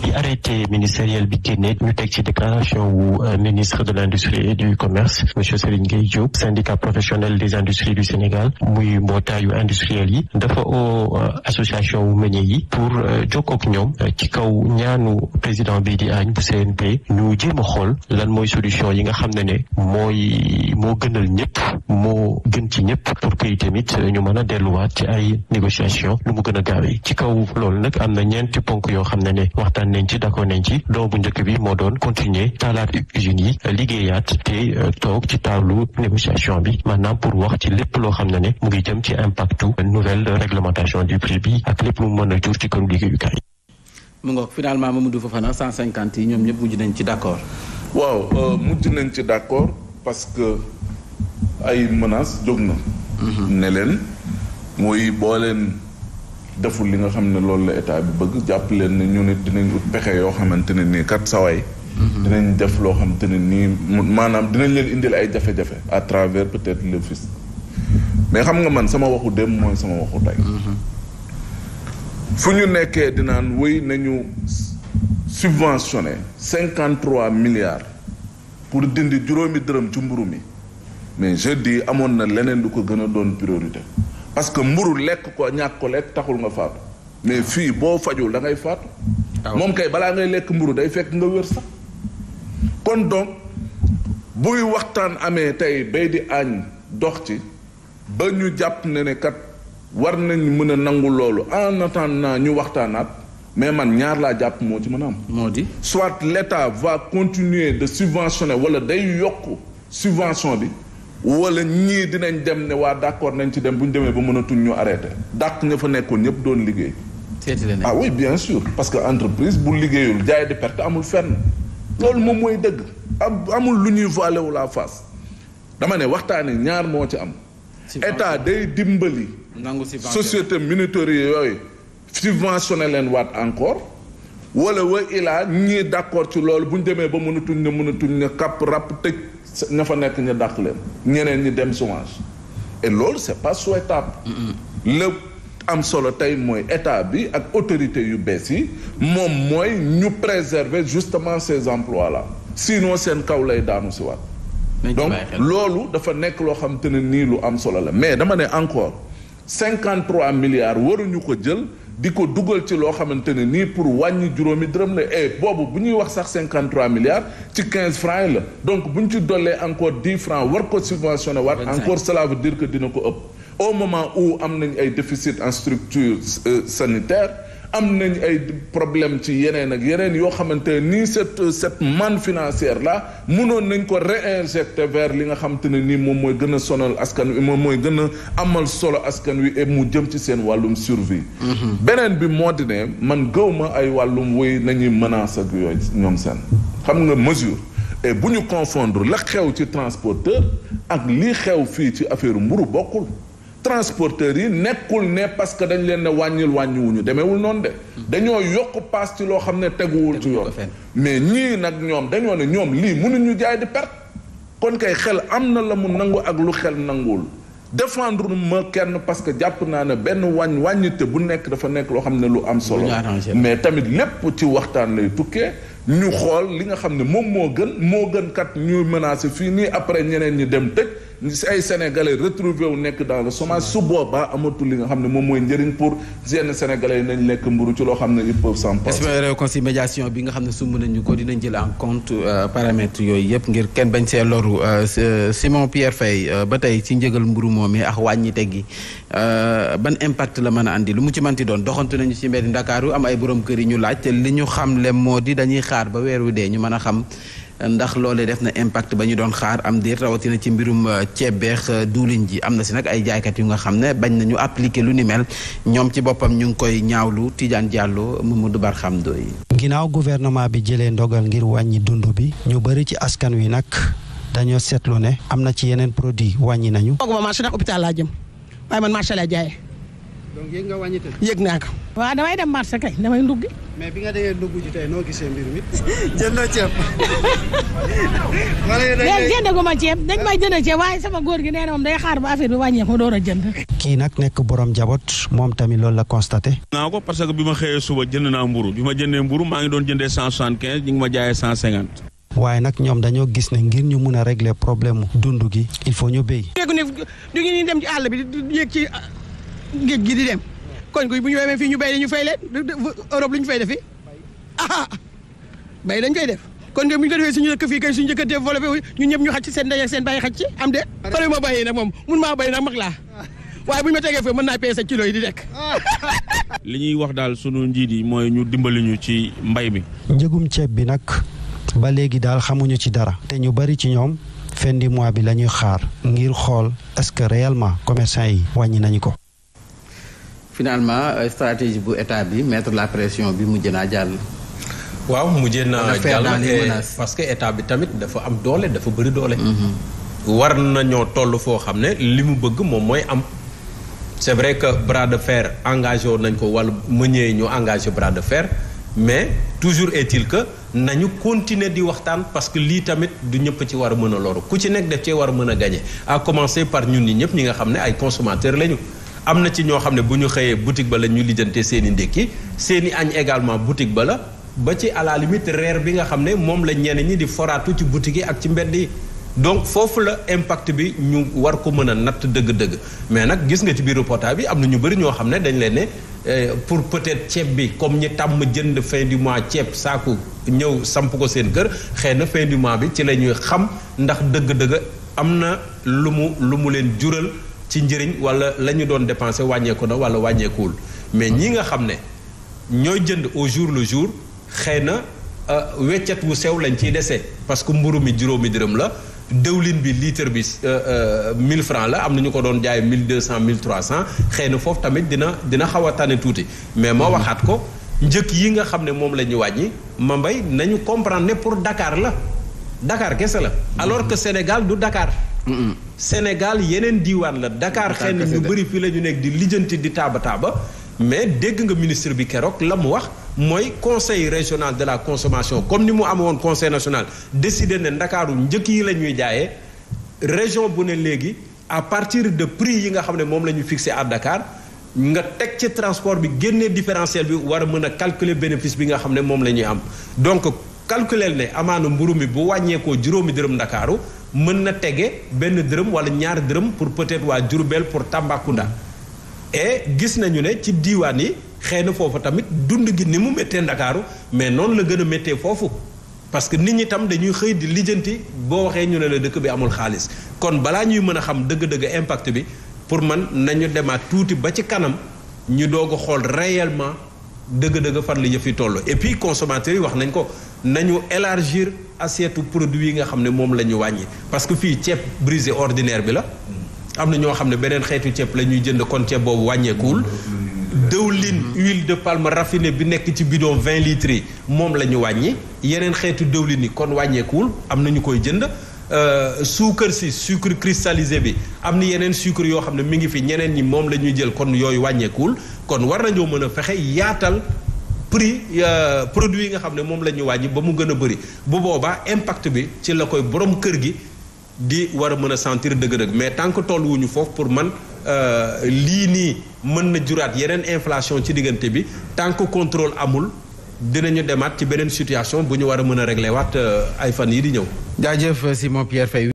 ci arrêté ministériel bi génne ñu teg ci déclaration wu euh, ministre de l'industrie et du commerce monsieur Serigne Gueye Diop syndicat professionnel des industries du Sénégal muy mbootaayu industriel yi dafa o euh, association wu meñe yi pour euh, jokkook ñoom ci kaw ñaanu président bi di añ bu CNP ñu jéem a xool lan mooy solution yi nga xam ne ne mooy moo gënal ñëpp moo gën ci ñëpp pour que tamit ñu mën a delluwaat ci ay négociation lu mu gën a gaawee ci kaw loolu nag am waxtaan nañ ci d'accord nañ ci don njëkk bi moo doon continuer taalaat usines yi liggéeyaat te euh, toog ci taalu négociation bi maanaam pour wax ci lépp loo xam ne ne mu ngi jëm ci impactu nouvelle réglementation du prix bi ak lépp mu mën a jur ci këru liggéeyukaay mu ngoog finalement Mamadou Fofana 150 yi ñoom ñëpp mujj nañ ci d'accord waaw euh, mujj nañ ci d'accord parce que ay menaces jóg na mhm. ne leen muy boo deful li nga xam ne loolu la état bi bëgg jàpp leen ne ñu nit dinañ ut pexe yoo xamante ne nii kat saway mhm. dinañ def loo xamante ne nii maanaam dinañ leen indil ay jafe-jafe à travers peut-être mais xam nga man sama waxu dem mooy sama waxu tey mhm. fu ñu nekkee dinaan wéy nañu subventionné cinquante trois milliards pour dindi juróomi dërëm ci mburu mi mais je di amoon na leneen lu ko gën a doon priorité parce que mburu lekk ko ñàkk ko lekk taxul nga faatu mais fii boo fajul da ngay faatu moom kay balaa ngay lekk mburu day fekk nga wér sax kon donc buy waxtaan amee tey bay di añ dox ci ba ñu jàpp ne ne kat war nañ mën a nangu loolu en attendant ñu waxtaan waxtaanaat mais man ñaar laa jàpp moo ci mën a am moo di soit l' état va continuer de subventionner wala day yokk subvention bi wala ñii dinañ dem ne waa d'accord nañ ci dem bu ñu demee ba mënatuñ ñu arrêté dàq ña fa nekkoon ñëpp doon liggéey. ah oui bien sûr parce que entreprise bu liggéeyul jaay di perte amul fen loolu moom mooy dëgg am amul lu ñuy voile wu la face dama ne waxtaanee ñaar moo ci am. état day dimbali. nangu société minoterie yooyu subventionné leen waat encore. wala wa ilaa ñii d'accord ci loolu bu ñu demee ba mënatuñ ne mënatuñ ne kàpp ràpp tëj. ña fa nekk ñu dàq leen ñeneen ñi dem chômage et loolu c'est pas souhaitable lépp am solo tey mooy état bi ak autorité yu bees yi moom mooy ñu préserver justement ces emplois là sinon seen kaw lay daanu si waat donc loolu dafa nekk loo xam te nii lu am solo la mais dama ne encore 53 milliards waruñu ko jël di ko dugal ci loo xamante ne nii pour wàññi juróomi dërëm la et eh, boobu bu ñuy wax sax 53 milliards ci quinze francs yi la donc bu ñu ci dollee encore dix francs war ko subventionné waat encore cela veut dire que dina ko ëpp au moment où am nañu ay déficit en structure euh, sanitaire am nañ ay problème ci yeneen ak yeneen yoo xamante ni cette cette manne financière là mënoon nañ ko réinjecter vers li nga xamante ne nii moom mooy gën a sonal askan wi moom mooy gën a amal solo askan wi mu jëm ci seen wàllum survie mm-hmm. beneen bi moo di ne man gëw ma ay wàllum woy nañuy menace ak yooyu ñoom seen xam nga mesure bu ñu confondre la xew ci transporteur ak lii xew fii ci affaire mburu bokkul transporteurs yi nekkul ne parce que dañ leen wàññil wàññiwuñu demeewul noonu de. dañoo yokk paas ci loo xam ne teguwul ci yoon. mais ñii nag ñoom dañoo ne ñoom lii mënuñu jaay di perte. kon kay xel am na la mu nangu ak lu xel nanguwul défendre ma kenn parce que jàpp naa ne benn wàññ wàññite bu nekk dafa nekk loo xam ne lu am solo. mais tamit lépp ci waxtaan lay tukkee. ñu xool li nga xam ne moom moo gën moo gën kat ñuy menacé fii nii après ñeneen ñi dem tëj si ay sénégalais retrouvé wu nekk dans le subo su boobaa amatul li nga xam ne moom mooy njëriñ pour yenn sénégalais yi nañ lekk mburu ci loo xam ne ils peuvent s'en bi nga xam ne sumb nañu ko dinañ jël en compte euh, paramètres yooyu yëpp ngir kenn bañ see loru euh, euh, Simon Pierre Faye ba tey ci njëgal mburu moom yi ak wàññi teg gi ban impact la mën a andi lu mu ci manti doon doxantu nañu si mbedd Ndakaaru am ay borom kër yi ñu laaj te li ñu xam le moo di dañuy xaar ba weer wi dee ñu mën a xam ndax loolee def na impact ba ñu doon xaar am déet rawatina ci mbirum euh, ceeb beex euh, duulin ji am na si nag ay jaaykat yu nga xam ne bañ nañu appliquer lu ni mel ñoom ci boppam ñu ngi koy ñaawlu mu Diallo Mamadou Barxam Doy ginnaaw gouvernement bi jëlee ndogal ngir wàññi dund bi ñu bëri ci askan wi nag dañoo seetlu ne am na ci yeneen produit wàññi nañu. fooguma marché ndax hôpital laa jëm waaye man marché laa donc yëg nga naa ko. waaw damay dem marché kay damay ndugg. mais bi nga demee ndugg ji tey noo gisee mbir mi. jëndoo jënd ceeb waaye sama góor gi nee na moom day xaar ba affaire bi wàññeeku door a jënd. kii nag nekk borom njaboot moom tamit loolu la constaté. naa ko parce que bi ma xëyee suba jënd naa mburu bi ma jëndee mburu maa ngi doon jëndee cent soixante quinze ñu ngi ma jaayee cent cinquante. waaye nag ñoom dañoo gis ne ngir ñu mun a régler problème dund gi il faut ñu béy. géej gi di dem kon bu ñu wemee fii ñu béy ñu fay leen Europe lu ñu fay defi ah béy dañ koy def kon bu ñu ko defee suñu dëkk fii kay suñu dëkk développé ñun ñëpp ñu xaj ci seen ndey ak seen bàyyi xaj ci am de pare ma bàyyi nag moom mun maa bay nag mag laa ah. waaye bu ñu ma tegee fii mën naa peese kilo yi di dekk li ñuy wax daal sunu njiit yi mooy ñu dimbali ñu ci mbay mi. njëgum ceeb bi nag ba léegi daal xamuñu ci dara te ñu bari ci ñoom fendi du mois bi la ñuy xaar ngir xool est-ce que yi wàññi nañu ko. finalement euh, stratégie bu état bi mettre la pression bi mujj naa jàll. waaw mujjee naa jàll parce que état bi tamit dafa am doole dafa bëri doole. Mhm. war nañoo toll foo xam ne li mu bëgg moom mooy am. c'est vrai que bras de fer engagé woon nañ ko wala meññee ñoo engage bras de fer mais toujours est-il que nañu continuer di waxtaan parce que lii tamit du ñëpp ci war a mën a loru ku ci nekk def cee war a mën gañe à commencer par ñun nii ñëpp ñi nga xam ne ay consommateurs lañu. am na ci ñoo xam ne bu ñu xëyee boutique ba la ñu lijjante seen ndékki seen i añ également boutique ba la ba ci à la reer bi nga xam ne moom la ñenn ñi di foraatu ci boutique yi ak ci mbedd yi donc foofu la impact bi ñu war ko mën a natt dëgg-dëgg mais nag gis nga ci biiru reportage bi am na ñu bëri ñoo xam ne dañ leen ne euh, pour peut-être ceeb bi comme ñi tàmm jënd fin ceeb saaku ñëw samp ko seen kër xëy na fin bi ci la ñuy xam ndax dëgg-dëgg am na lu mu lu mu leen jural ci njëriñ wala la ñu doon dépensé wàññeeku na wala wàññeekuwul mais ñii nga xam ne ñooy jënd au jour le jour xëy na euh, weccet wu sew lañ ciy dese parce que mburu mi juróomi dërëm la dëwlin bi litre bi euh, euh, mille francs la am na ñu ko doon jaay 1200 1300 xëy na foofu tamit dina dina xaw a tane tuuti mais ma mhm. waxaat ko njëkk yi nga xam ne moom la ñuy wàññi ma mbay nañu comprendre ne pour dakaar la dakaar gese la mhm. alors que Sénégal du dakaar Sénégal yeneen diiwaan la dakaar xëy na ñu bëri fii la ñu nekk di lijjanti di taaba taaba mais dégg nga ministre bi keroog la mu wax mooy conseil régional de la consommation comme ni mu amoon conseil national désidé ne ndakaaru njëkk yi la ñuy jaayee région bu ne léegi à partir de prix yi nga xam ne moom la ñu fixé à Dakar nga teg ci transport bi génne différentiel bi war a mën a calculer bénéfice bi nga xam ne moom la ñuy am donc calculer ne amaana mburu mi bu wàññeekoo juróomi dërëm ndakaaru mën na tege benn dërëm wala ñaar dërëm pour peut waa Diourbel pour Tambacounda et gis nañu ne ci diiwaan yi xëy na foofu tamit dund gi ni mu méttee Ndakaaru mais noonu la gën a méttee foofu parce que nit ñi tam dañuy xëy di lijjanti boo waxee ñu ne la dëkk bi amul xaalis kon balaa ñuy mën a xam dëgg-dëgg impact bi pour man nañu demaat tuuti ba ci kanam ñu doog a xool réellement dëgg-dëgg fan la yëf yi toll et puis consommateurs yi wax nañ ko nañu élargir assiette produit yi nga xam ne moom la ñu wàññi parce que fii ceeb brisé ordinaire bi la am na ñoo xam ne beneen xeetu ceeb la ñuy jënd kon ceeb boobu wàññeekuwul dëwlin huile de palme raffinée bi nekk ci bidon vingt litre yi moom la ñu wàññi yeneen xeetu dëwlin yi kon wàññeekuwul am na ñu koy jënd Euh, suukar si sucre cristallisé bi am na yeneen sucre yoo xam ne mi ngi fi ñeneen yi moom lañuy jël kon yooyu wàññeekuwul kon war nañoo mën a fexe yaatal prix euh, produit yi nga xam ne moom la ñu wàññi ba mu gën a bëri bu boobaa impact bi ci la koy borom kër gi di war a mën a sentir dëgg-dëgg mais tant que wuñu foofu pour man euh, lii nii mën na juraat yeneen inflation ci diggante bi tant que amul dinañu demaat ci beneen situation bu ñu war a mën a réglé waat euh, ay fan yi di ñëw. jaajëf Simon Pierre Faye.